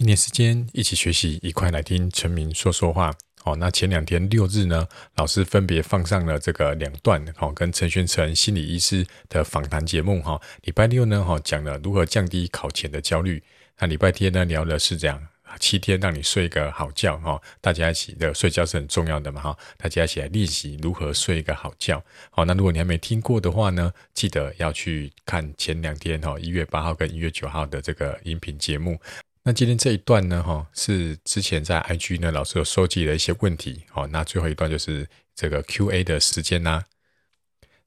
一年時間，一起學習，一塊來聽陳明說說話。哦。那前兩天六日呢，老師分別放上了這個兩段，哦、跟陳璿丞心理醫師的訪談節目。哈、哦，禮拜六呢，哈、哦，講了如何降低考前的焦慮。那禮拜天呢，聊的是這樣，七天讓你睡個好覺。哈、哦，大家一起的、這個、睡覺是很重要的嘛。哈、哦，大家一起來練習如何睡一個好覺。好、哦，那如果你還沒聽過的話呢，記得要去看前兩天哈，一、哦、月八號跟一月九號的這個音頻節目。那今天這一段呢，哈，是之前在 IG 呢，老師有收集的一些問題，好，那最後一段就是這個 QA 的時間吶。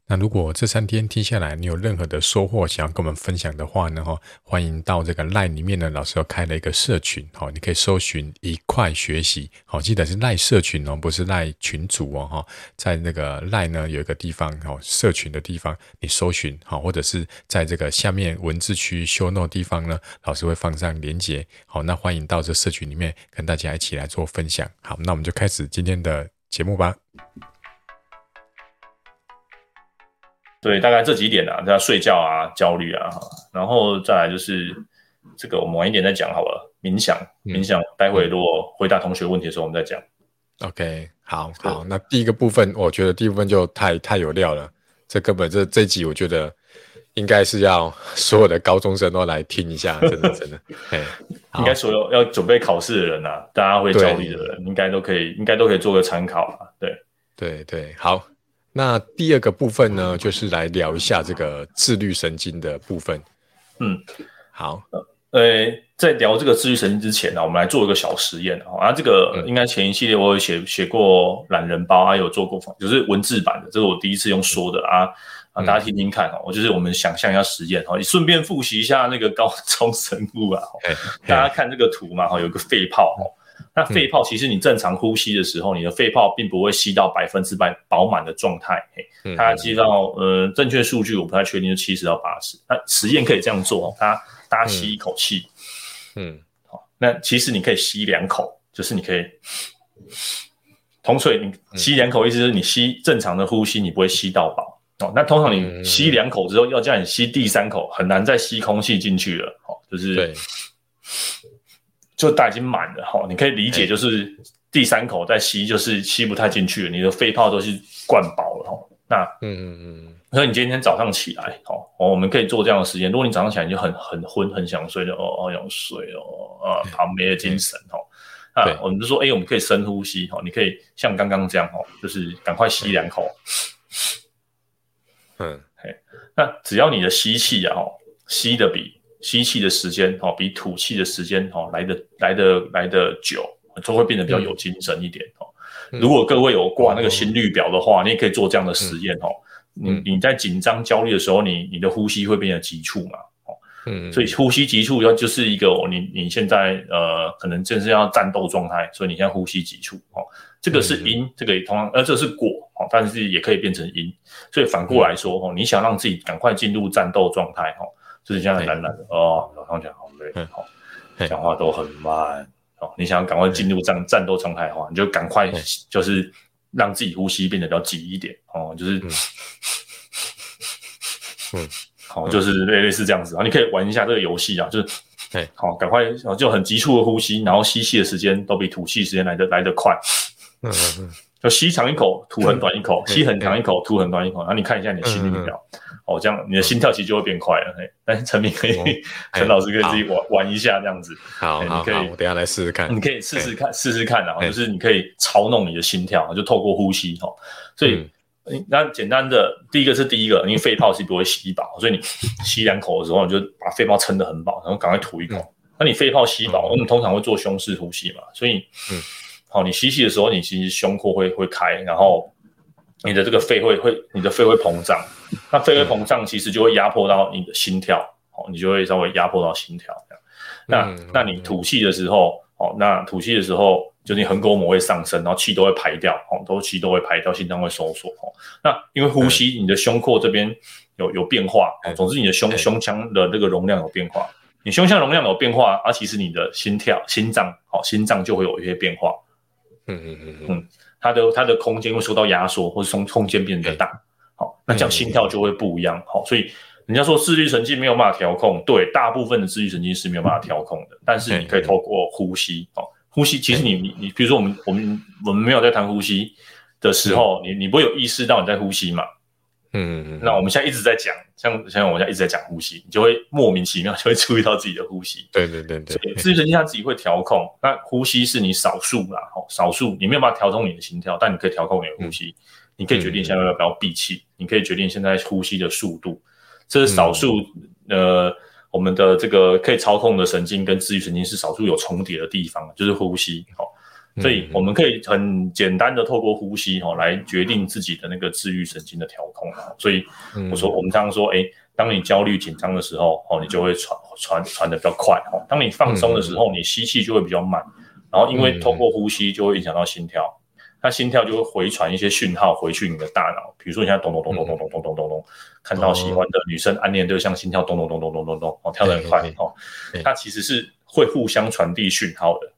那如果這三天聽下來，你有任何的收穫，想要跟我們分享的話呢，哈，歡迎到這個 LINE 裡面呢。老師又開了一個社群，好，你可以搜尋一塊學習，好，記得是 LINE 社群哦，不是 LINE 群組哦，哈，在那個 LINE 呢有一個地方，哦，社群的地方，你搜尋，好，或者是在這個下面文字區 Show Note 地方呢，老師會放上鏈接，好，那歡迎到這社群裡面跟大家一起來做分享，好，那我們就開始今天的節目吧。對，大概這幾點吶、啊，大家睡覺啊，焦慮啊，然後再來就是這個，我們晚一點再講好了。冥想，冥想，嗯、待會如果回答同學問題的時候，我們再講。OK，好，好，那第一個部分，我覺得第一部分就太太有料了。這根本這這集，我覺得應該是要所有的高中生都來聽一下，真的真的。哎， 應該所有要準備考試的人吶、啊，大家會焦慮的人，應該都可以，應該都可以做個參考啊。對，對對，好。那第二個部分呢，就是來聊一下這個自律神經的部分。嗯，好，呃，在聊這個自律神經之前呢、啊，我們來做一個小實驗哦、啊。啊，這個應該前一系列我有寫寫、嗯、過懶人包啊，有做過就是文字版的，這是我第一次用說的啊啊，大家聽聽看哦、啊。我、嗯、就是我們想象一下實驗哦、啊，你順便複習一下那個高中生物啊。啊嘿嘿，大家看這個圖嘛，哈、啊，有個肺泡。那肺泡其實你正常呼吸的時候，你的肺泡並不會吸到百分之百飽滿的狀態、哎。它 知、嗯嗯、到呃，正確數據我不太確定就70到80、嗯，七十到八十。那實驗可以這樣做、哦，他大家吸一口氣，嗯，嗯、哦，那其實你可以吸兩口，就是你可以，同粹你吸兩口，意思是你吸正常的呼吸，你不會吸到飽、哦、那通常你吸兩口之後，要叫你吸第三口，很難再吸空氣進去了。哦、就是、嗯嗯嗯、對。就大已經滿了哈，你可以理解就是第三口再吸，就是吸不太進去了，欸，你的肺泡都是灌飽了哈。那嗯嗯嗯，那你今天早上起來哦，我們可以做這樣的時間。如果你早上起來你就很很昏，很想睡的哦，哦要睡哦，呃、啊，沒精神嗯嗯，那我們就說，哎、欸，我們可以深呼吸哈，你可以像剛剛這樣哈，就是趕快吸兩口嗯。嗯，嘿，那只要你的吸氣啊，吸的比。吸氣的時間哦，比吐氣的時間哦來的來的來的久，就會變得比較有精神一點哦。嗯、如果各位有掛那個心率表的話、嗯，你也可以做這樣的實驗哦。嗯、你你在緊張焦慮的時候，你你的呼吸會變得急促嘛、哦、嗯。所以呼吸急促要就是一個、哦、你你現在呃可能正是要戰鬥狀態，所以你現在呼吸急促哦、嗯嗯。這個是因，這個也同樣呃這個、是果哦，但是也可以變成因。所以反過來說、嗯、哦，哦，你想讓自己趕快進入戰鬥狀態哦。就是像懶懶的哦，老張講好累，好，講、哦、話都很慢，哦，你想要趕快進入戰戰鬥狀態的話，你就趕快就是讓自己呼吸變得比較急一點，哦，就是，嗯，好、嗯哦，就是類類似這樣子啊、哦，你可以玩一下這個遊戲啊，就是，好，趕快，哦，就很急促的呼吸，然後吸氣的時間都比吐氣時間來得來得快。嗯嗯吸長一口，吐很短一口、嗯；吸很長一口，吐、嗯、很短一口、嗯。然後你看一下你的心率錶、嗯嗯，哦，這樣你的心跳其實就會變快了。嗯、嘿但是陳明，嗯、 陳老師可以自己玩玩一下這樣子。好好，你可以好，好，我等一下來試試看。你可以試試看，試試看啊，就是你可以操弄你的心跳，就透過呼吸哦。所以、嗯，那簡單的第一個是第一個，因為肺泡是不會吸飽，所以你吸兩口的時候，你就把肺泡撐得很飽，然後趕快吐一口、嗯。那你肺泡吸飽，我、嗯、們通常會做胸式呼吸嘛，所以。嗯哦，你吸氣的時候，你其實胸廓會會開，然後你的這個肺會會，你的肺會膨脹、嗯，那肺會膨脹，其實就會壓迫到你的心跳、嗯，哦，你就會稍微壓迫到心跳這樣、嗯、那那你吐氣的時候，哦，那吐氣的時候就是你橫膈膜會上升，然後氣都會排掉，哦，都氣都會排掉，心臟會收縮，哦，那因為呼吸、嗯、你的胸廓這邊有有變化，哦、嗯，總之你的胸、嗯、胸腔的這個容量有變化，嗯、你胸腔容量有變化，而、啊、其實你的心跳心臟，哦，心臟就會有一些變化。嗯嗯嗯嗯，它的它的空間會受到壓縮，或者從空間變得大，好、欸哦，那這樣心跳就會不一樣，好、欸欸哦，所以人家說自律神經沒有辦法調控，對，大部分的自律神經是沒有辦法調控的、欸欸，但是你可以透過呼吸，哦，呼吸，其實你你你，比如說我們我們我們沒有在談呼吸的時候，欸、你你不會有意識到你在呼吸嘛？嗯， 那我們現在一直在講，像像我們現在一直在講呼吸，你就會莫名其妙就會注意到自己的呼吸。對對對對，自律神經它自己會調控， 那呼吸是你少數啦，吼，少數你沒有辦法調控你的心跳，但你可以調控你的呼吸，你可以決定現在要不要閉氣，你可以決定、嗯、你可以決定現在呼吸的速度，這是少數、嗯，呃，我們的這個可以操控的神經跟自律神經是少數有重疊的地方，就是呼吸，好。所以我們可以很簡單的透過呼吸齁，哦、來決定自己的那個治癒神經的調控啊。所以我說我們常常說，哎，當你焦慮緊張的時候哦，你就會喘喘、喘的比較快哦。當你放鬆的時候，你吸氣就會比較慢。然後因為透過呼吸就會影響到心跳，那心跳就會回傳一些訊號回去你的大腦。比如說你現在咚咚、咚咚咚咚咚咚咚咚咚看到喜歡的女生暗戀對象，心跳咚咚咚咚咚咚咚，哦跳得很快哦。它其實是會互相傳遞訊號的。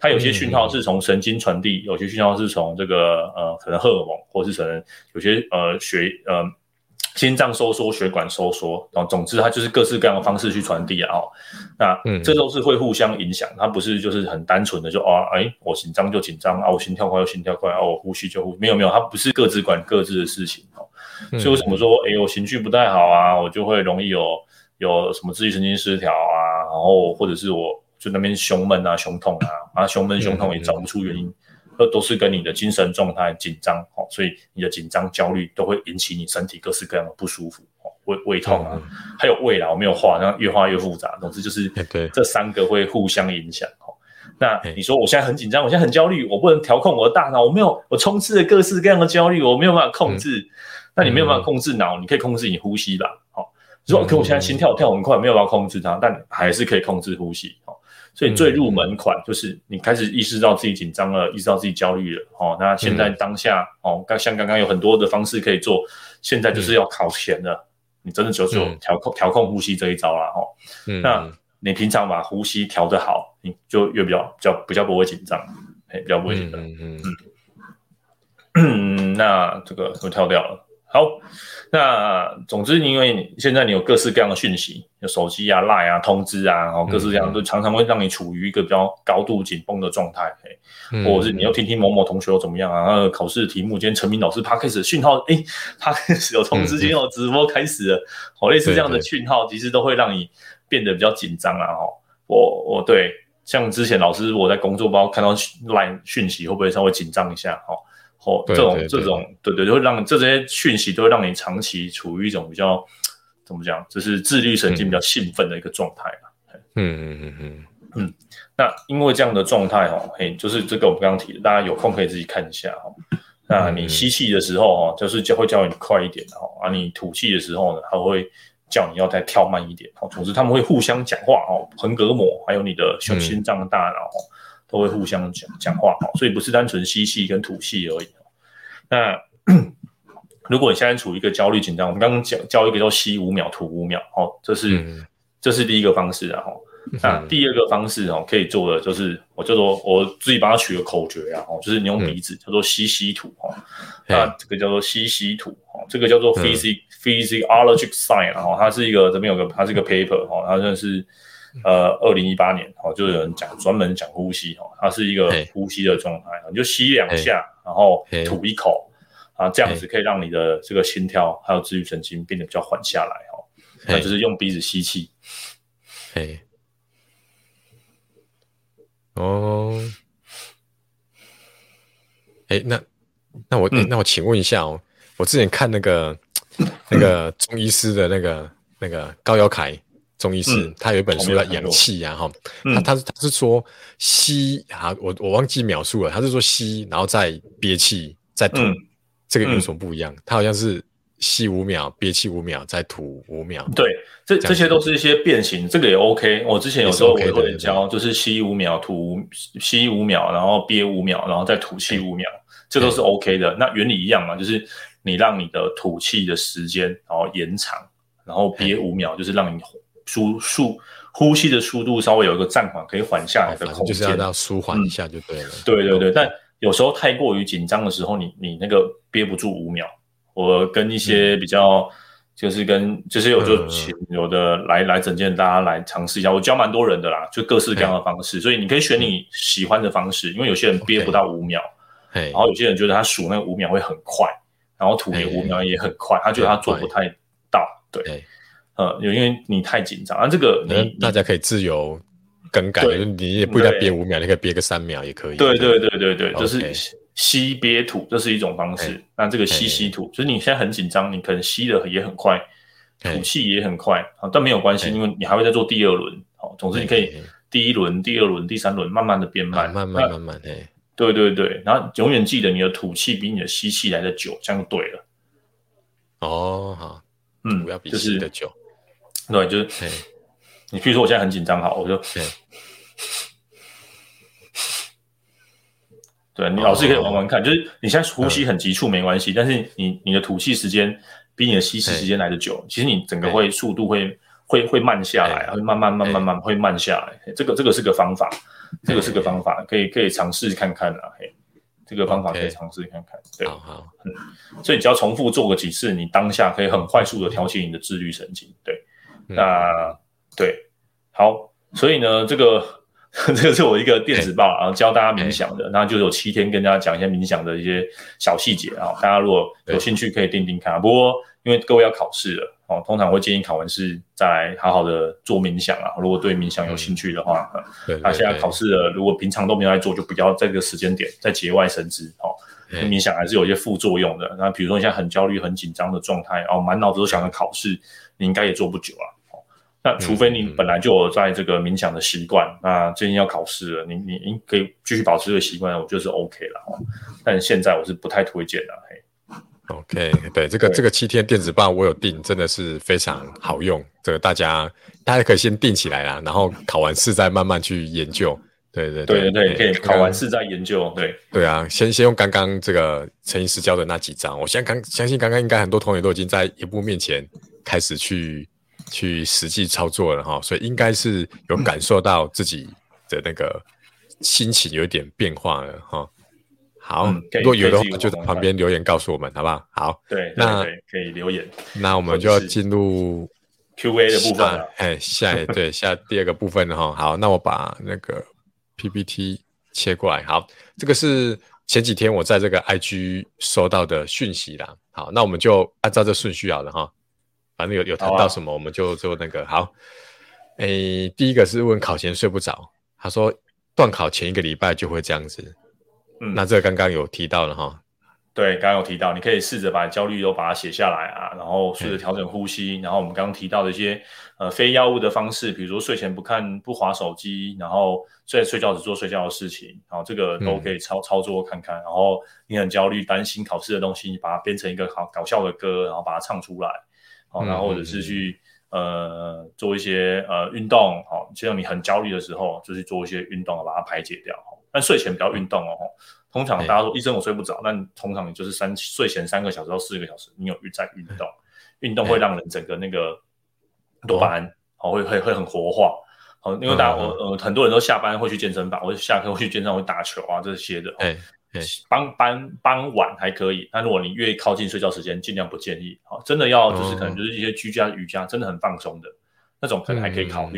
它有些訊號是從神經傳遞，嗯嗯嗯，有些訊號是從這個呃，可能荷爾蒙，或是可能有些呃血呃，心臟收縮、血管收縮，啊，總之它就是各式各樣的方式去傳遞啊，哦。那，嗯，這都是會互相影響，它不是就是很單純的就啊，哎、哦，我緊張就緊張啊，我心跳快就心跳快哦，啊，我呼吸就呼沒有沒有，它不是各自管各自的事情，哦，嗯嗯，所以為什麼說哎，我情緒不太好啊，我就會容易有有什麼自律神經失調啊，然後或者是我。就那邊胸悶啊，胸痛啊，啊，胸悶胸痛也找不出原因，這、嗯嗯嗯、都，都是跟你的精神狀態緊張哦，所以你的緊張、焦慮都會引起你身體各式各樣的不舒服哦，胃胃痛啊，嗯嗯、還有胃啊，我沒有畫，那越畫越複雜。總之就是，這三個會互相影響哦。那你說我現在很緊張，我現在很焦慮，我不能調控我的大腦，我沒有，我充斥着各式各樣的焦慮，我沒有辦法控制。那、嗯、你沒有辦法控制腦、嗯，你可以控制你呼吸吧。哦。如果可我現在心跳跳很快，沒有辦法控制它，但還是可以控制呼吸哦。所以最入門款就是你開始意識到自己緊張了、嗯，意識到自己焦慮了、嗯哦，那現在當下哦，剛像剛剛有很多的方式可以做，現在就是要考前的、嗯，你真的只有調控調、嗯、控呼吸這一招了、哦嗯，那你平常把呼吸調得好，你就越比較較比較不會緊張，嘿，比較不會緊張，嗯嗯嗯， 那這個我跳掉了。好，那總之，因為現在你有各式各樣的訊息，有手機啊、賴啊、通知啊，哦，各式各樣都常常會讓你處於一個比較高度緊繃的狀態、嗯嗯。或或是你要聽聽某某同學又怎麼樣啊？嗯嗯，考試題目今天陳明老師 Podcast 訊號，哎，Podcast 有通知，今天、欸、有直播開始了。哦、嗯嗯，類似這樣的訊號，其實都會讓你變得比較緊張啊。哦，我我對，像之前老師我在工作包看到賴訊息，會不會稍微緊張一下？哦。哦、oh,，這種這種，對對，就會讓這些訊息都會讓你長期處於一種比較怎麼講，就是自律神經比較興奮的一個狀態嘛。嗯嗯嗯嗯嗯。那因為這樣的狀態哈、哦，嘿，就是這個我們剛剛提的，大家有空可以自己看一下哈、哦。那你吸氣的時候哈、哦，就是就會叫你快一點哈、哦，啊，你吐氣的時候呢，他會叫你要再跳慢一點哈、哦。總之他們會互相講話哦，橫膈膜還有你的胸心臟大腦。嗯都會互相講講話，好，所以不是單純吸氣跟吐氣而已。那 如果你現在處於一個焦慮緊張，我們剛剛講，教一個叫吸五秒吐五秒，好、哦，這是、嗯、這是第一個方式、啊，然後那第二個方式哦、啊，可以做的就是，我就說我自己把它取個口訣、啊，然後就是你用鼻子、嗯、叫做吸吸吐哈，那這個叫做吸吸吐哈，這個叫做 physi physiologic sigh，然後它是一個這邊有個它是一個 paper 哈、哦，它就是。呃，二零一八年哦，就有人講專門講呼吸哦，它是一個呼吸的狀態，你就吸兩下，然後吐一口，啊，這樣子可以讓你的這個心跳還有自律神經變得比較緩下來哦，那就是用鼻子吸氣。哎，哦，哎、欸，那那我、欸、那我請問一下哦，嗯、我之前看那個那個中醫師的那個、嗯、那個高堯楷。中醫是、嗯、他有一本書叫、啊《養氣》呀，哈，他他是他,他是說吸啊，我我忘記描述了，他是說吸，然後再憋氣再吐、嗯，這個有什麼不一樣？嗯、他好像是吸五秒，憋氣五秒，再吐五秒。對，這這,這些都是一些變形，這個也 OK。我之前有時候也會、OK、教，就是吸五秒，吐 5, 吸五秒，然後憋五秒，然後再吐氣五秒，嗯、這個、都是 OK 的、嗯。那原理一樣嘛，就是你讓你的吐氣的時間然後延長，然後憋五秒、嗯，就是讓你。舒速呼吸的速度稍微有一個暫緩，可以緩下來的空間，就是要舒緩一下就對了。對對對，但有時候太過於緊張的時候，你你那個憋不住五秒。我跟一些比較，就是跟就是有就請有的來來整件，大家來嘗試一下。我教蠻多人的啦，就各式各樣的方式，所以你可以選你喜歡的方式，因為有些人憋不到五秒，然後有些人覺得他數那五秒會很快，然後吐也五秒也很快，他覺得他做不太到，對。呃，有因為你太緊張，那、啊、這個你大家可以自由更改，你也不一定要憋五秒，你可以憋個三秒也可以。對對對對對，就、okay. 是吸憋吐，這是一種方式。欸、那這個吸吸吐、欸，就是你現在很緊張，你可能吸的也很快，欸、吐氣也很快啊，但沒有關係、欸，因為你還會再做第二輪。好，總之你可以第一輪、第二輪、第三輪慢慢的變慢、欸啊，慢慢慢慢哎、啊欸，對對對，然後永遠記得你的吐氣比你的吸氣來的久，這樣就對了。哦，好，嗯，吐要比吸的久。就是對，就是，hey. 你比如說我現在很緊張，好，我就、hey. 對，對你老師可以玩玩看，oh. 就是你現在呼吸很急促沒關係，okay. 但是你你的吐氣時間比你的吸氣時間來得久，hey. 其實你整個會、hey. 速度會會會慢下來、hey. 啊，會慢慢慢慢慢、hey. 會慢下來，hey. 這個這個是個方法，hey. 這個是個方法，可以可以嘗試看看啊，嘿，這個方法可以嘗試看看，okay. 對，oh. 所以你只要重複做個幾次，你當下可以很快速的調節你的自律神經，對。那、嗯啊、對，好，所以呢，這個這個是我一個電子報、欸、啊，教大家冥想的，欸、那就有七天跟大家講一些冥想的一些小細節啊，大家如果有興趣可以訂訂看、啊、不過因為各位要考試了哦、啊，通常會建議考完試再來好好的做冥想啊。如果對冥想有興趣的話，那、啊嗯啊、現在考試了，如果平常都沒有來做，就不要在這個時間點再節外生枝哦。冥想還是有一些副作用的，那比如說你現在很焦慮、很緊張的狀態哦，滿、啊、腦子都想着考試，你應該也做不久啊。那除非你本來就有在這個冥想的習慣、嗯嗯，那最近要考試了，你你你可以繼續保持這個習慣，我就是 OK 了。但現在我是不太推薦的。OK，對這個對這個七天電子報我有訂，真的是非常好用。這個大家大家可以先訂起來啦，然後考完試再慢慢去研究。對對對對、對、對可以考完試再研究。剛剛對對啊，先先用剛剛這個陳醫師教的那幾張，我相相信剛剛應該很多同學都已經在螢幕面前開始去去實際操作了哈，所以應該是有感受到自己的那個心情有點變化了哈。好、嗯，如果有的話就在旁邊留言告訴我們，好不好？好，對，對，對，那可以留言。那我們就要進入 Q&A 的部分了。哎，下一對下第二個部分哈。好，那我把那個 PPT 切過來。好，這個是前幾天我在這個 IG 收到的訊息啦。好，那我們就按照這順序好了哈。反正有有談到什麼，啊、我們就就那個好。誒、欸，第一個是問考前睡不着，他說段考前一個禮拜就會這樣子。嗯，那這剛剛有提到了哈。對，剛剛有提到，你可以試着把焦慮都把它寫下來啊，然後試着調整呼吸、嗯，然後我們剛剛提到的一些呃非藥物的方式，比如說睡前不看不滑手機，然後睡睡覺只做睡覺的事情，然後這個都可以操、嗯、操作看看。然後你很焦慮擔心考試的東西，你把它編成一個好搞笑的歌，然後把它唱出來。好、哦，然後或者是去呃做一些呃運動，好、哦，就像你很焦慮的時候，就去做一些運動，把它排解掉。哦、但睡前不要運動哦。嗯、通常大家說醫、欸、生我睡不着，但通常你就是三睡前三個小時到四個小時，你有在運動、嗯，運動會讓人整個那個多巴胺好、哦、會會會很活化。好、哦，因為大家、嗯嗯、呃很多人都下班會去健身房，我下課會去健身房會打球啊這些的。哦欸傍傍傍晚還可以，但如果你越靠近睡覺時間，盡量不建議。好、哦，真的要就是可能就是一些居家、哦、瑜伽，真的很放鬆的那種，可能還可以考慮。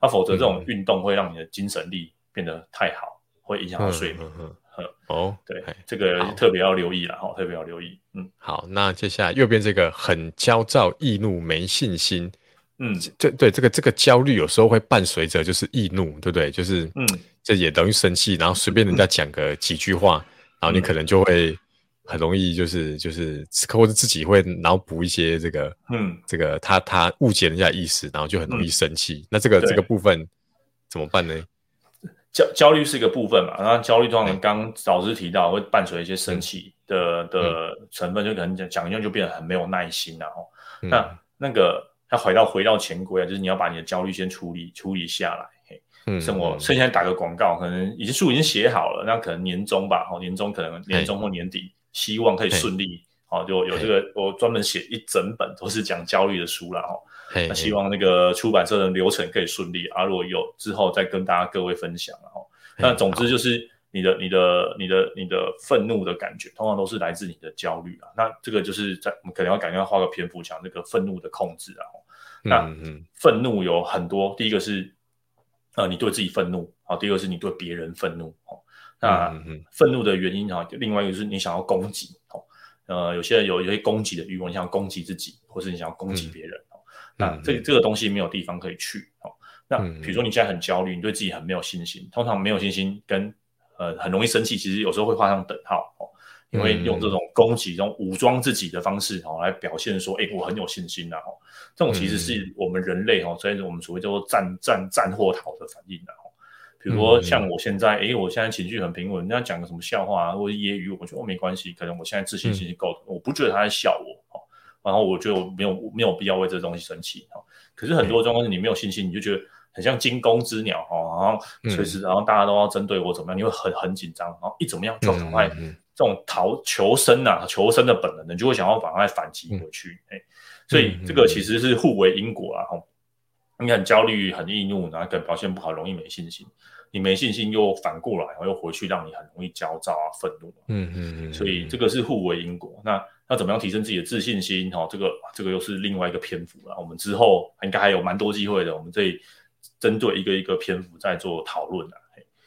那、嗯啊、否則這種運動會讓你的精神力變得太好，會影響到睡眠呵呵呵呵。哦，對，這個特別要留意了哈、哦，特別要留意。嗯，好，那接下來右邊這個很焦躁、易怒、沒信心。嗯，對對，這個這個焦慮有時候會伴隨着就是易怒，對不對？就是嗯，這也等於生氣，然後隨便人家講個幾句話，嗯，然後你可能就會很容易就是就是，或者自己會腦補一些這個嗯，這個他他誤解人家的意思，然後就很容易生氣，嗯。那這個這個部分怎麼辦呢？焦焦慮是一個部分嘛，那焦慮通常剛老師提到會伴隨一些生氣的，嗯、的成分，嗯、就可能講講完就變得很沒有耐心然，啊、後，嗯、那那個。要回到回到前規啊，就是你要把你的焦慮先處理處理下來嘿。嗯，趁，我趁現在打個廣告、嗯，可能已經書已經寫好了，那可能年中吧，哈，年中可能年中或年底，希望可以順利，好、哦、就有這個，我專門寫一整本都是講焦慮的書啦，哦嘿嘿，那希望那個出版社的流程可以順利啊。如果有之後再跟大家各位分享，然、哦、後那總之就是。你的你的你的你的憤怒的感覺，通常都是來自你的焦慮啊。那這個就是在我們可能趕要趕快畫個篇幅講這、那個憤怒的控制啊。那、嗯、憤怒有很多，第一個是呃你對自己憤怒啊、哦，第二個是你對別人憤怒、哦、那、嗯、憤怒的原因啊，另外一個就是你想要攻擊、哦、呃，有些人有有些攻擊的欲望，你想要攻擊自己，或是你想要攻擊別人、嗯哦、那這個、這個東西沒有地方可以去、哦、那比如說你現在很焦慮，你對自己很沒有信心，通常沒有信心跟呃，很容易生氣，其實有時候會畫上等號哦，因為用這種攻擊、嗯、這種武裝自己的方式哦，來表現說，誒我很有信心的、啊哦、這種其實是我們人類哦，所以我們所謂叫做“戰戰戰或逃”的反應的、啊、哦。比如說，像我現在，哎、嗯，我現在情緒很平穩，人家講個什麼笑話、啊、或者揶揄，我覺得、哦、沒關係，可能我現在自信心是夠的、嗯，我不覺得他在笑我、哦、然後我覺得我沒有我沒有必要為這東西生氣、哦、可是很多狀況你沒有信心，嗯、你就覺得。很像驚弓之鳥哦，然後隨時，然後大家都要針對我怎麼樣？嗯、你會很很緊張，然後一怎麼樣就很快、嗯嗯嗯、這種逃求生啊，求生的本能，你就會想要把它反擊回去。哎、嗯欸，所以、嗯嗯、這個其實是互為因果啊！吼，你很焦慮、很易怒，然後表現不好，容易沒信心。你沒信心又反過來，然後又回去，讓你很容易焦躁啊、憤怒、啊。嗯嗯嗯。所以這個是互為因果。那要怎麼樣提升自己的自信心？哦，這個這個又是另外一個篇幅了、啊。我們之後應該還有蠻多機會的。我們這裡。針對一個一個篇幅在做討論啦，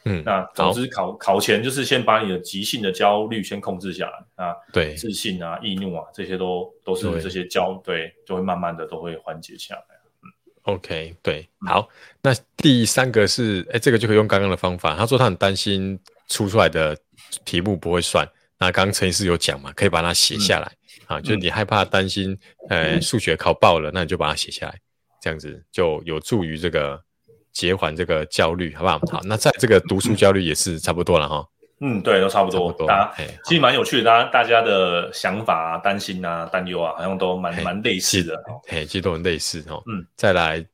嗯，那總之考考前就是先把你的急性的焦慮先控制下來啊，對，自信啊、易怒啊這些都都是這些焦對，對，就會慢慢的都會緩解下來、嗯、，OK 對，好，那第三個是，誒、嗯欸、這個就可以用剛剛的方法，他說他很擔心出出來的題目不會算，那剛剛陳醫師有講嘛，可以把它寫下來、嗯、啊，就是你害怕擔心，呃，數、嗯、學考爆了，那你就把它寫下來，這樣子就有助於這個。減緩這個焦慮，好不好？好，那在這個讀書焦慮也是差不多了哈。嗯，對，都差不多。大家，哎，其實蠻有趣的，大家大家的想法啊、擔心啊、擔憂啊，好像都蠻蠻類似的。哎，其實都很類似哦。嗯，再來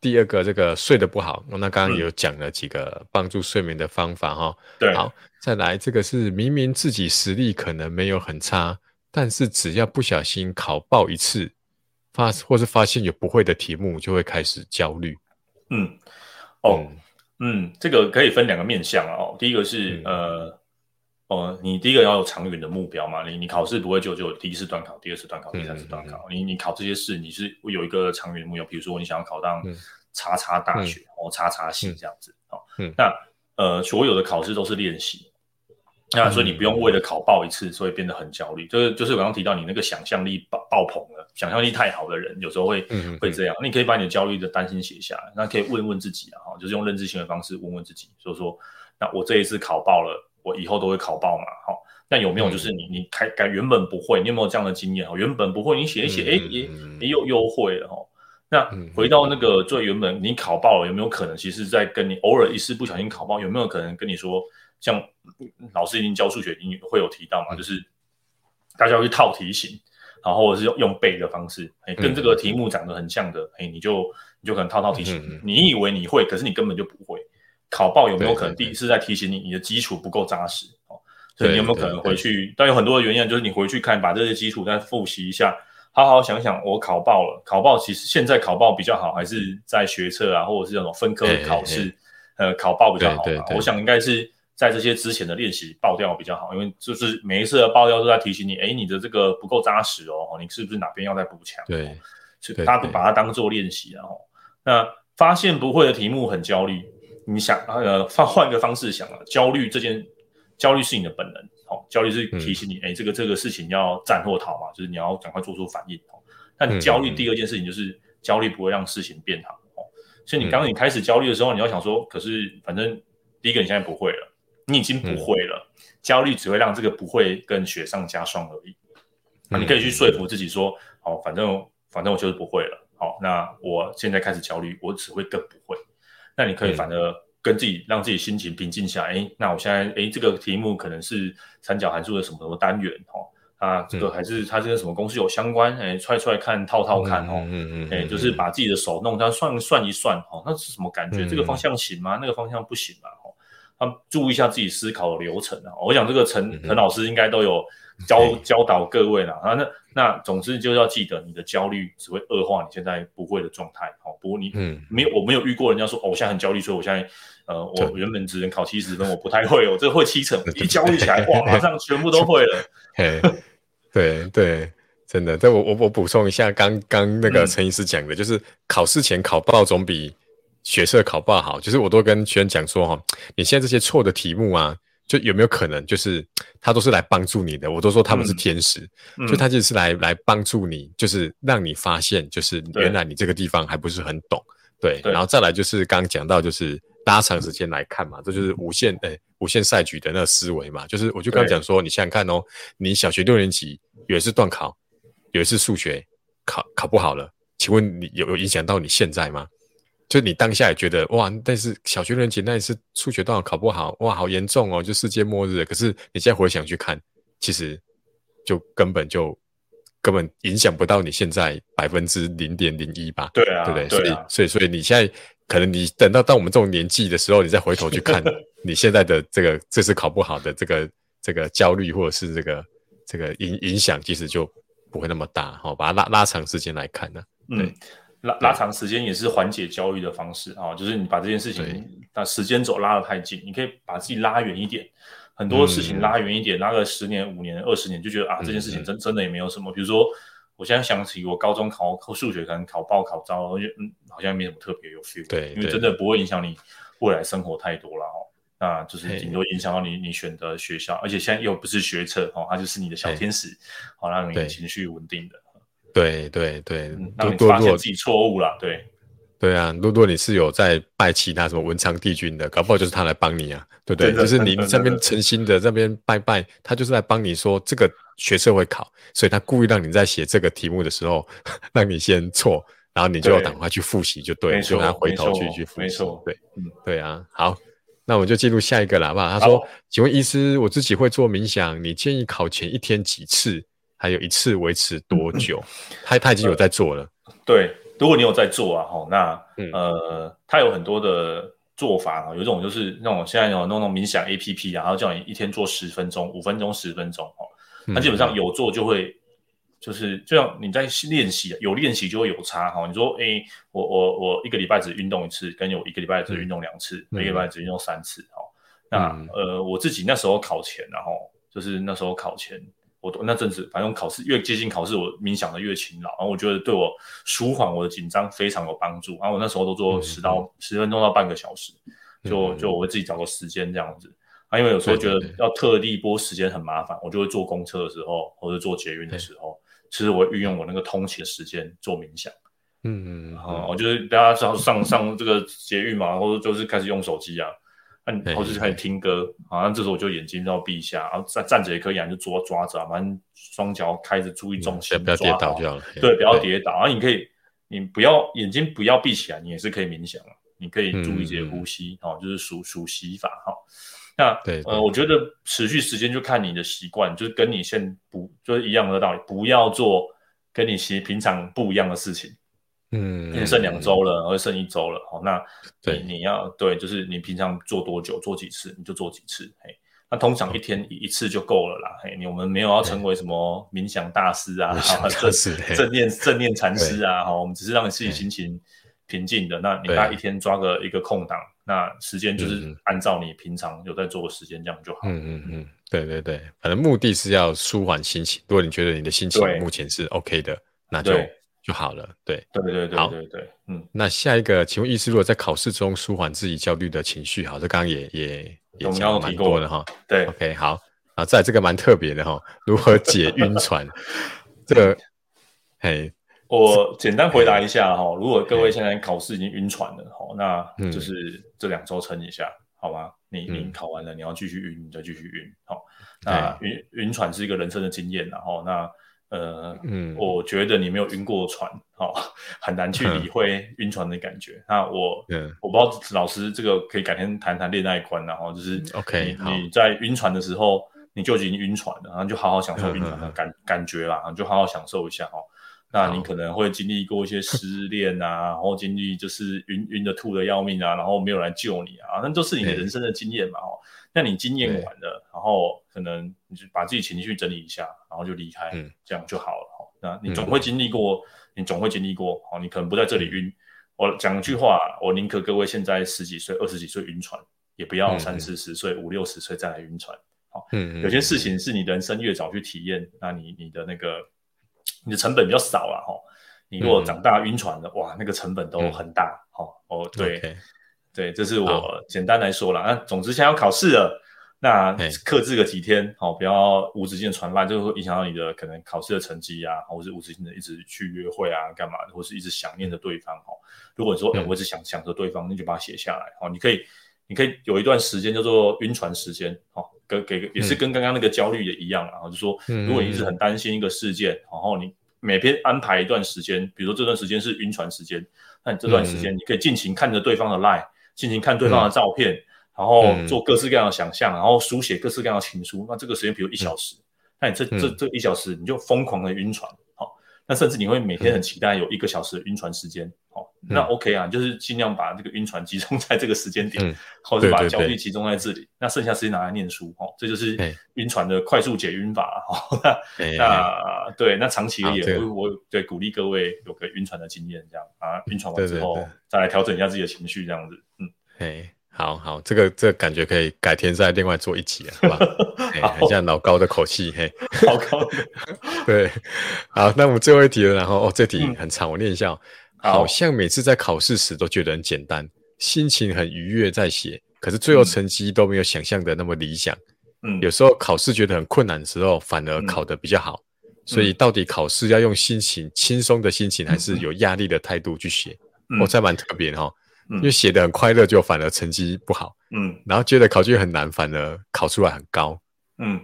第二個，這個睡得不好，嗯、那剛剛有講了幾個幫助睡眠的方法哈。對。好，再來這個是明明自己實力可能沒有很差，但是只要不小心考爆一次，發或是發現有不會的題目，就會開始焦慮。嗯。哦、oh，嗯，這個可以分兩個面向啊。哦，第一個是、嗯、呃，哦、呃，你第一個要有長遠的目標嘛。你你考試不會就就第一次段考，第二次段考，第三次段考。嗯嗯嗯、你你考這些試，你是有一個長遠的目標。比如說，你想要考到叉叉大學哦，嗯、叉叉系這樣子啊、嗯嗯嗯哦。那呃，所有的考試都是練習。那所以你不用為了考爆一次，嗯、所以變得很焦慮。就是就是我剛剛提到你那個想象力爆爆棚了，想象力太好的人有時候會會這樣。嗯嗯、你可以把你的焦慮的擔心寫下來，那可以問問自己啊，就是用認知性的方式問問自己。所、就、以、是、說，那我這一次考爆了，我以後都會考爆嘛，好？那有沒有就是你、嗯、你開改原本不會，你有沒有這樣的經驗啊？原本不會你寫一寫，哎、嗯、也、欸欸、也有會了哈。那回到那個最原本，你考爆了有沒有可能，其實在跟你偶爾一次不小心考爆，有沒有可能跟你說？像、嗯、老師已經教數學，你也會有提到嘛？嗯、就是大家會去套題型，然後是用用背的方式，哎、欸，跟這個題目長得很像的，哎、嗯嗯欸，你就你就可能套套題型、嗯嗯。你以為你會，可是你根本就不會。考報有沒有可能第一次在提醒你，對對對你的基礎不夠紮實哦、喔？所以你有沒有可能回去？對對對但有很多的原因，就是你回去看，把這些基礎再複習一下，好好想想。我考報了，考報其實現在考報比較好，還是在學測啊，或者是那種分科考試、欸，呃，考報比較好吧？對對對我想應該是。在這些之前的練習爆掉比較好，因為就是每一次的爆掉都在提醒你，哎、欸，你的這個不夠扎實哦，你是不是哪邊要再補強？對，所以大家都把它當做練習。然後那發現不會的題目很焦慮，你想呃換換個方式想啊，焦慮這件焦慮是你的本能，哦，焦慮是提醒你，哎、嗯欸，這個這個事情要戰或逃嘛，就是你要趕快做出反應。哦、但焦慮第二件事情就是焦慮不會讓事情變好，嗯哦、所以你剛剛你開始焦慮的時候，你要想說，可是反正第一個你現在不會了。你已經不會了，嗯，焦慮只會讓這個不會更雪上加霜而已。那，嗯啊，你可以去說服自己說：，好，嗯哦，反正反正我就是不會了。好、哦，那我現在開始焦慮，我只會更不會。那你可以反而跟自己，嗯，讓自己心情平靜下來。那我現在哎，這個題目可能是三角函數的什麼什麼單元哦？啊，這個還是它跟什麼公式有相關？哎，出來出來看，套套看哦。嗯嗯。哎，嗯，就是把自己的手弄它算算一算，一算、哦、那是什麼感覺？嗯，這個方向行嗎，嗯？那個方向不行啊？他、啊、們注意一下自己思考的流程啊！我想這個陳陳、嗯、老師應該都有教教導各位了啊。那那總之就要記得，你的焦慮只會惡化你現在不會的狀態、喔。不過你嗯，沒有我沒有遇過人家說偶、哦、我現在很焦慮，所以我現在呃，我原本只能考七十分，我不太會我這會七成。一焦慮起來對對對哇，馬上全部都會了。嘿，對對，真的。但我我我補充一下，剛剛那個陳醫師講的、嗯、就是考試前考爆總比。學測考不好，就是我都跟學生講說哈，你現在這些錯的題目啊，就有沒有可能就是他都是來幫助你的？我都說他們是天使，嗯嗯、就他就是來來幫助你，就是讓你發現，就是原來你這個地方還不是很懂，對，對對，然後再來就是剛剛講到就是拉長時間來看嘛，這就是無限誒無限賽局的那個思維嘛，就是我就剛，剛講說，你想想看哦，你小學六年級有一次段考，有一次數學考考不好了，請問你有有影響到你現在嗎？就你當下也覺得哇，但是小學六年級那是數學段考考不好哇，好嚴重哦，就世界末日了。可是你現在回想去看，其實就根本就根本影響不到你現在百分之零點零一吧？對啊，對不對，對、啊？所以，所以，所以你現在可能你等到到我們這種年紀的時候，你再回頭去看你現在的這個 這次考不好的這個這個焦慮或者是這個這個影影響，其實就不會那麼大。齁，把它拉拉長時間來看呢、啊。嗯。拉拉長時間也是緩解焦慮的方式啊、嗯哦，就是你把這件事情把時間軸拉得太近，你可以把自己拉遠一點，很多事情拉遠一點，嗯、拉個十年、五年、二十年，就覺得啊、嗯，這件事情真的真的也沒有什麼、嗯。比如說，我現在想起我高中考數學可能考爆考糟，而且嗯，好像沒什麼特別有趣，對，因為真的不會影響你未來生活太多了哦。那就是頂多影響到你你選擇學校，而且現在又不是學車哦，它就是你的小天使，好、哦、讓你的情緒穩定的。對對對，那、嗯、你發現自己錯誤了，對，對啊，如果你是有在拜其他什麼文昌帝君的，搞不好就是他來幫你啊，對不對、嗯嗯。就是你這、嗯嗯嗯、邊誠心的這邊拜拜，他就是來幫你說這個學測會考，所以他故意讓你在寫這個題目的時候， 讓你先錯，然後你就要趕快去複習就對，所以他回頭去沒錯去複習沒錯，對，嗯，對啊，好，那我們就進入下一個啦，好不好？他說，請問醫師，我自己會做冥想，你建議考前一天幾次？還有一次維持多久？他他已經有在做了，對，如果你有在做啊，那、嗯、呃，他有很多的做法啊，有一種就是那種現在有那種冥想 A P P，然後叫你一天做十分鐘、五分鐘、十分鐘哦。那基本上有做就會，就是就像你在練習，有練習就會有差哈。你說，哎、欸，我我我一個禮拜只運動一次，跟有一個禮拜只運動兩次，嗯、每一個禮拜只運動三次那、嗯、呃，我自己那時候考前，然後就是那時候考前。我都那陣子，反正考試越接近考試，我冥想的越勤勞，然後我覺得對我舒緩我的緊張非常有幫助。然後我那時候都做十到十分鐘到半個小時，就就我會自己找個時間這樣子。啊，因為有時候覺得要特地撥時間很麻煩，我就會坐公車的時候或者坐捷運的時候，其實我運用我那個通勤時間做冥想。嗯，然後我就覺得，大家知道上上這個捷運嘛，然後就是開始用手機啊。啊、然後就開始聽歌，好像、啊、這時候我就眼睛要閉一下，然、啊、後站站着也可以，眼就抓抓着，反正雙腳開始注意重心，嗯、不要跌倒就好了。對，不要跌倒。然後、啊、你可以，你不要眼睛不要閉起來，你也是可以冥想了。你可以注意自己的呼吸，嗯哦、就是數數息法，哈、嗯哦。那對對呃，我覺得持續時間就看你的習慣，就是跟你先不就是一樣的道理，不要做跟你平常不一樣的事情。嗯，剩兩週了，而、嗯、剩一週了。哦，那對，你要對，就是你平常做多久，做幾次，你就做幾次。嘿，那通常一天一次就夠了啦、嗯。嘿，我們沒有要成為什麼冥想大師啊，師正正念正念禪師啊。齁，我們只是讓你自己心情平靜的。那你大概一天抓個一個空檔、啊，那時間就是按照你平常有在做的時間、嗯、這樣就好。嗯嗯嗯，對對對，反正目的是要舒緩心情。如果你覺得你的心情目前是 OK 的，那就。就好了，對對對，對對對，對對，嗯，那下一個，請問醫師，如果在考試中舒緩自己焦慮的情緒，好，這剛剛也也也講蠻多的哈，對，OK，好啊，在這個蠻特別的哈，如何解暈船？ 這個，嘿，我簡單回答一下哈，如果各位現在考試已經暈船了哈，那就是這兩周撐一下、嗯，好嗎？你你考完了，嗯、你要繼續暈，你再繼續暈，好，那暈暈船是一個人生的經驗，然後那。呃、嗯，我覺得你沒有暈過船，哦、喔，很難去理會暈船的感覺呵呵。那我，我不知道老師這個可以改天談談戀愛觀啦，然、喔、後就是你、嗯、，OK，你在暈船的時候，你就已經暈船了，然後就好好享受暈船的感呵呵感覺啦，就好好享受一下，哦、喔。那你可能會經歷過一些失戀啊， 然後經歷就是暈暈的、吐的要命啊，然後沒有來救你啊，那都是你的人生的經驗嘛。哦、嗯，那你經驗完了、嗯，然後可能你就把自己情緒整理一下，然後就離開，這樣就好了。哦、嗯，那你總會經歷過、嗯、你總會經歷過，你總會經歷過。哦，你可能不在這裡暈。嗯、我講一句話，我寧可各位現在十幾歲、二十幾歲暈船，也不要三四十歲、嗯、五六十歲再來暈船。好、嗯嗯，有些事情是你人生越早去體驗，那你你的那個。你的成本比較少了，啊，哈，你如果長大暈船的，嗯，哇，那個成本都很大，嗯，哦，對，okay. 對，這是我簡單來說了。啊，總之現在考試了，那克制個幾天，好，哦，不要無止境的傳賴，就會影響到你的可能考試的成績啊。或是無止境的一直去約會啊，幹嘛的，或是一直想念着對方哦，如果你說，欸，我一直想，嗯，想着對方，那就把它寫下來哦，你可以。你可以有一段時間叫做暈船時間，哈、哦，跟給，給也是跟剛剛那個焦慮也一樣，然、嗯、後就是、說，如果你一直很擔心一個事件，嗯、然後你每天安排一段時間，比如說這段時間是暈船時間，那你這段時間你可以盡情看着對方的 line，盡、嗯、情看對方的照片、嗯，然後做各式各樣的想象，然後書寫各式各樣的情書，那這個時間比如一小時，嗯、那你這這這一小時你就瘋狂的暈船。那甚至你會每天很期待有一個小時的暈船時間，好、嗯，那 OK 啊，就是盡量把這個暈船集中在這個時間點，或、嗯、者把焦慮集中在這裡、嗯對對對，那剩下時間拿來念書，哦，這就是暈船的快速解暈法，哈，呵呵 那嘿嘿對，那長期也會、啊，我，我，對鼓勵各位有個暈船的經驗，這樣啊，暈船完之後、嗯、對對對再來調整一下自己的情緒，這樣子，嗯，嘿好好，這個這個、感覺可以改天再另外做一集，好吧？ 好 Hey，很像老高的口氣，嘿 高的，老高，對。好，那我們最後一題了。然後，哦，這題很長，嗯、我念一下、哦。好，好像每次在考試時都覺得很簡單，心情很愉悅，在寫。可是最後成績都沒有想象的那麼理想。嗯、有時候考試覺得很困難的時候，反而考得比較好。嗯、所以到底考試要用心情輕鬆的心情，還是有壓力的態度去寫？我、嗯，哦、再蠻特別哈、哦。因為寫的很快樂，就反而成績不好。嗯，然後覺得考卷很難，反而考出來很高。嗯，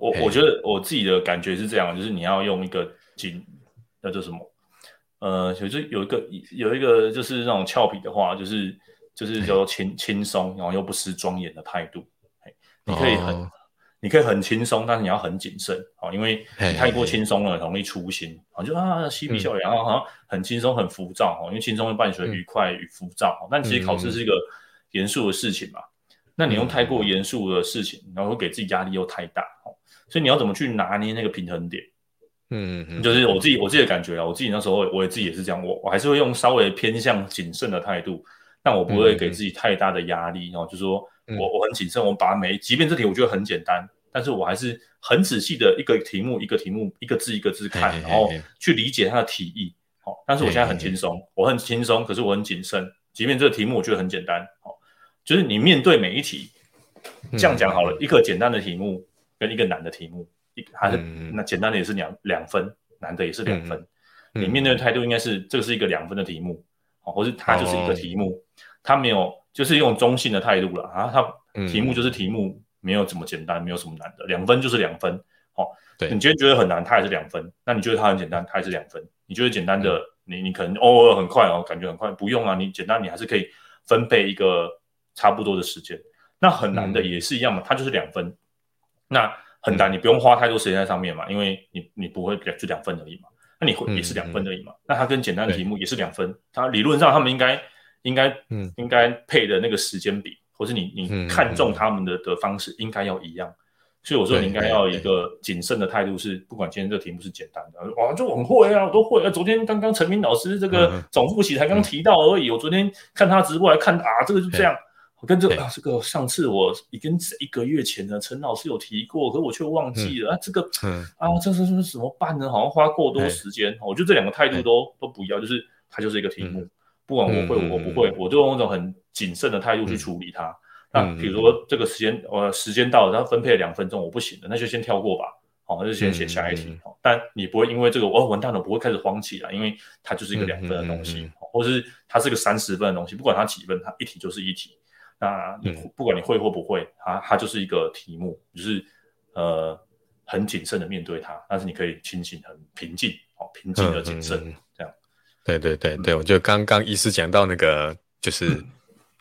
我我覺得我自己的感覺是這樣，就是你要用一個緊，叫做什麼？呃，有就是、有一個有一個就是那種俏皮的話，就是就是叫做輕輕鬆，然後又不失莊嚴的態度、哦。你可以很。你可以很輕鬆，但是你要很謹慎，因為太過輕鬆了，容易粗心，就啊嬉皮笑臉啊，然後好像很輕鬆很浮躁，因為輕鬆會伴隨愉快與、嗯、浮躁。但其實考試是一個嚴肅的事情嘛、嗯，那你用太過嚴肅的事情、嗯，然後給自己壓力又太大，所以你要怎麼去拿捏那個平衡點？嗯，嗯嗯就是我自己，我自己的感覺啊，我自己那時候，我自己也是這樣，我我還是會用稍微偏向謹慎的態度，但我不會給自己太大的壓力哦，嗯、然後就說。我我很謹慎，我們把每，即便這題我覺得很簡單，但是我還是很仔細的一個題目一個題目一個字一個字看，然後去理解它的題意。好、hey, hey, hey. 哦，但是我現在很輕鬆，hey, hey, hey. 我很輕鬆，可是我很謹慎。即便這個題目我覺得很簡單，好、哦，就是你面對每一題，這樣講好了、嗯，一個簡單的題目跟一個難的題目，一還是、嗯、那簡單的也是兩兩分，難的也是兩分，嗯、你面對的態度應該是這是一個兩分的題目，好、哦，或是它就是一個題目。哦哦他沒有，就是用中性的態度了啊。他題目就是題目，嗯、沒有怎麼簡單，沒有什麼難的。兩分就是兩分，哦，對，你今天覺得很難，它也是兩分；那你覺得它很簡單，它也是兩分。你覺得簡單的，嗯、你你可能偶爾很快哦，感覺很快，不用啊。你簡單，你還是可以分配一個差不多的時間。那很難的也是一樣嘛，嗯、它就是兩分。那很難、嗯，你不用花太多時間在上面嘛，因為你你不會就兩分而已嘛。那你會也是兩分而已嘛、嗯。那它跟簡單的題目也是兩分，嗯、它理論上他們應該。應該嗯，應該配的那個時間比、嗯，或是你你看中他們的的方式，應該要一樣嗯嗯嗯。所以我說，你應該要一個謹慎的態度，是不管今天這個題目是簡單的、啊嘿嘿，哇，就很會啊，我都會。啊，昨天剛剛陳明老師這個總複習才剛提到而已嗯嗯，我昨天看他直播來看啊，這個就這樣。嗯嗯我跟這啊，這個上次我已經一個月前了，陳老師有提過，可我卻忘記了嗯嗯嗯嗯嗯嗯嗯嗯啊，這個啊，這這這怎麼辦呢？好像花過多時間，我覺得這兩個態度都都不一樣，就是它就是一個題目。不管我會我，我不會，嗯嗯嗯我就用一種很謹慎的態度去處理它。嗯嗯嗯那比如說這個時間，呃，時間到了，它分配了兩分鐘，我不行了，那就先跳過吧。好、哦，就先寫，寫下一題。嗯嗯嗯但你不會因為這個，哦、完蛋了我文蛋蛋不會開始慌起來，因為它就是一個兩分的東西，嗯嗯嗯嗯或是它是一個三十分的東西，不管它幾分，它一題就是一題。那你不，不管你會或不會，它它就是一個題目，就是呃很謹慎的面對它。但是你可以清醒、很平靜，哦，平靜而謹慎。嗯嗯嗯對對對對，嗯、我就剛剛醫師講到那個，就是、嗯、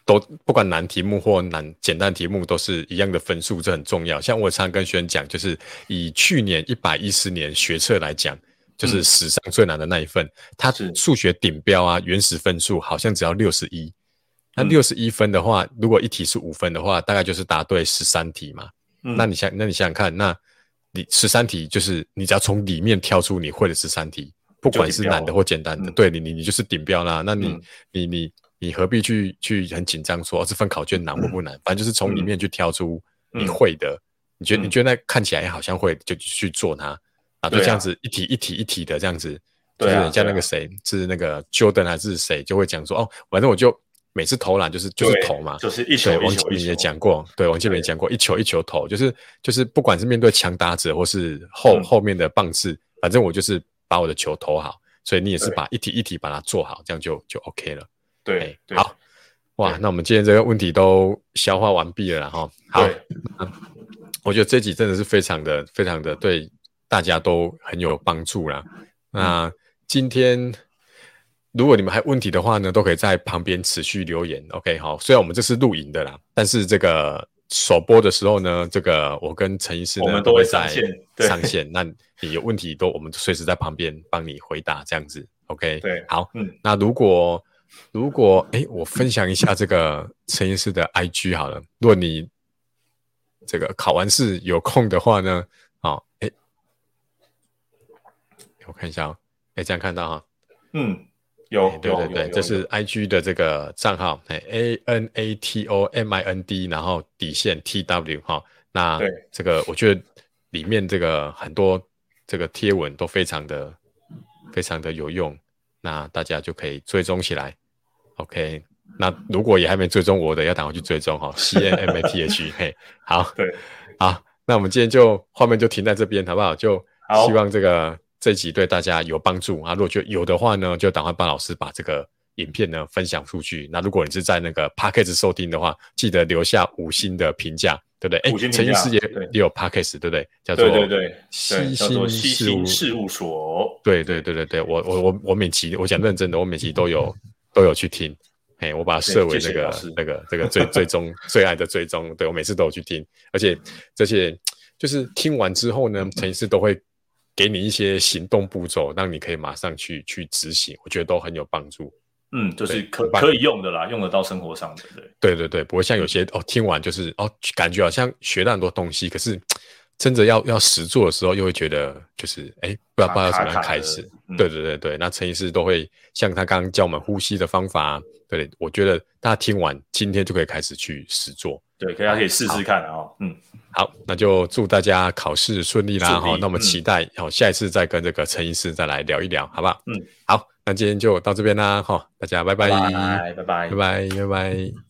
都不管難題目或難簡單題目，都是一樣的分數，這很重要。像我常跟學生講，就是以去年一百一十年學測來講，就是史上最難的那一份，嗯、它數學頂標啊原始分數好像只要六十一，那六十一分的話，如果一題是五分的話，大概就是答對十三題嘛、嗯。那你想，那你想想看，那你十三題就是你只要從裡面挑出你會的十三題。不管是難的或簡單的，對你你你就是頂標啦。嗯、那你你你你何必去去很緊張說哦這份考卷難不不難？反、嗯、正就是從裡面去挑出你會的。嗯、你覺得、嗯、你覺得那看起來好像會就，就去做它、嗯、啊，就這樣子一題一題一題的這樣子。對、啊，像、就是、那個誰、啊啊、是那個 Jordan 還是誰，就會講說哦，反正我就每次投籃就是就是投嘛，對，就是一球一球、球、球。你也講過，對王建民也講過，一球一球投，就是就是不管是面對強打者或是後、嗯、後面的棒次，反正我就是。把我的球投好，所以你也是把一題一題把它做好，這樣就就 OK 了。對，欸、好，哇，那我們今天這個問題都消化完畢了，啦。哈，好、嗯，我覺得這集真的是非常的非常的對大家都很有幫助啦。那今天如果你們還有問題的話呢，都可以在旁邊持續留言。OK，好、哦，雖然我們這是錄影的啦，但是這個。首播的時候呢，這個我跟陳醫師呢都會在上線，上線，那你有問題都我們隨時在旁邊幫你回答這樣子，OK？對，好、嗯，那如果如果哎、欸，我分享一下這個陳醫師的 IG 好了，若你這個考完試有空的話呢，啊、喔，哎、欸，我看一下哦、喔。哎、欸，這樣看到哈、喔，嗯。欸、對對對，這是 I G 的這個賬號，哎、欸、，A N A T O M I N D，然後底線 T W 哈，那這個我覺得裡面這個很多這個貼文都非常的非常的有用，那大家就可以追蹤起來，OK，那如果也還沒追蹤我的，要趕快去追蹤哈，C N M A T H 嘿、 欸，好，對，好，那我們今天就畫面就停在這邊好不好？就希望這個。這一集對大家有幫助啊！如果覺有的話呢，就趕快幫老師把這個影片呢分享出去。那如果你是在那個 Podcast 收聽的話，記得留下五星的評價，對不對？哎，陳醫師也有 Podcast，對不對,對,對,對,對,對,對？叫做叫做西西事務所，對對對對對。我我我我每期我講認真的，我每期都有、嗯、都有去聽，哎、欸，我把它設為那個謝謝那個這個最最終 最愛的最終，對我每次都有去聽，而且這些就是聽完之後呢，陳醫師都會。給你一些行動步驟，讓你可以馬上去去執行，我覺得都很有幫助。嗯，就是可，可以用的啦，用得到生活上的。對對對，對，不過像有些、嗯、哦，聽完就是哦，感覺好像學了很多東西，可是真的要要實做的時候，又會覺得就是哎、欸，不知道要怎麼樣開始。對、嗯、對對對，那陳醫師都會像他剛剛教我們呼吸的方法，對，我覺得大家聽完今天就可以開始去實做。對，大家可以試試看啊，嗯。好，那就祝大家考試順利啦。好，那我們期待，好，下一次再跟這個陳醫師再來聊一聊，好不好？嗯，好，那今天就到這邊啦，好，大家拜拜，拜拜拜拜拜拜。拜拜拜拜。